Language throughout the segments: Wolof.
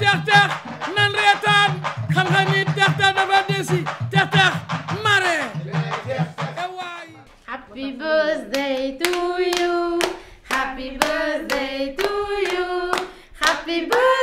teex teex nan reetaan mare happy birthday to you happy birthday to you happy birthday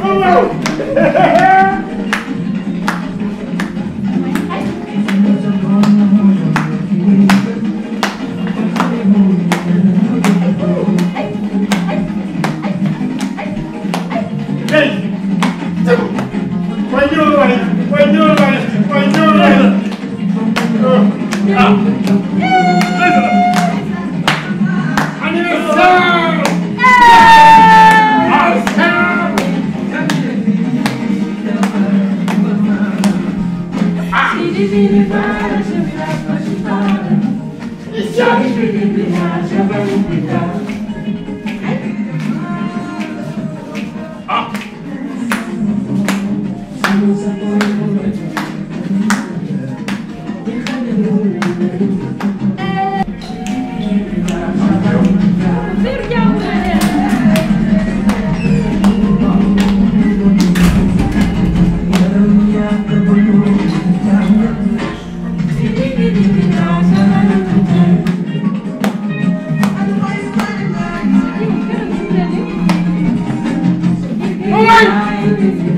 Oh! Ich sage, ich bin im Gymnasium, wenn du mich hast. Thank you.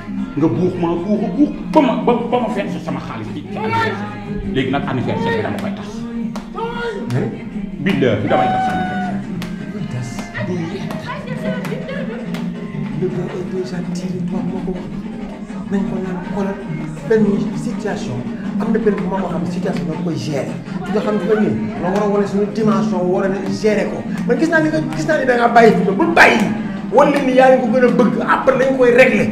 nga buux ma buuxu buux ba ma ba sama xaalis bi ci anniversaire léegi nag anniversaire bi dama koy tas billa bi damay tas anniversaire du le gars est déjà tiré toi moo ko wax nañ ko naan xoolal benn situation am na benn bu ma ko xam situation da koy gérer nga xam ne ñun nga war a wane suñu dimension war a gérer ko man gis naa ni gis naa ni da ngaa bàyyi fi ba bul ni yaa ko gën bëgg après dañ koy régler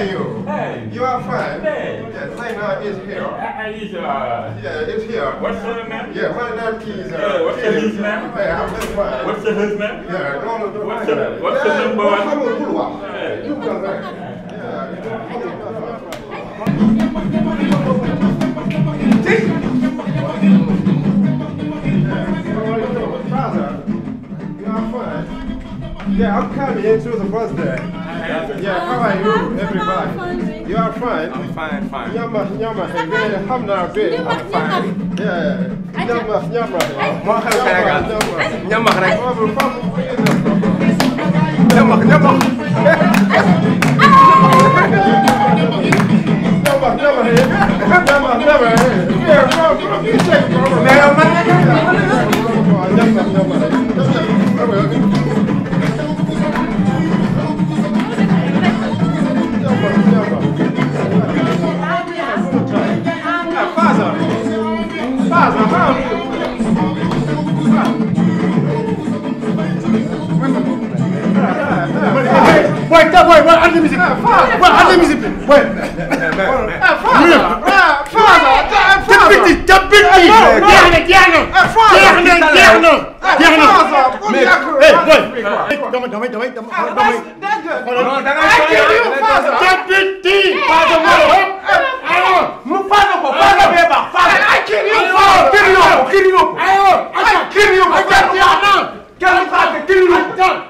are you? Hey. You are fine. Hey. Yes, Lena is here. I, is, uh, yeah, it's here. What's your name? Yeah, one name is Uh, hey, what's her name? Hey, I'm just fine. What's her name? Yeah, no, no, no. What's your number? What's her number? You come back. Yeah, I'm coming into the there. Yeah, how are oh, you, everybody? You are fine? I'm fine, fine. Nyama, nyama, hengele, hamna abe. I'm fine. Yeah. Nyama, nyama. Maha kaga. Nyama kaga. Oh, nyama, nyama. Nyama, nyama. Nyama, nyama. Yeah, bro, bro, you take it, bro. Man, man. Eh? booy ta booy booy ànd musique bi booy ànd musique bi booy. mais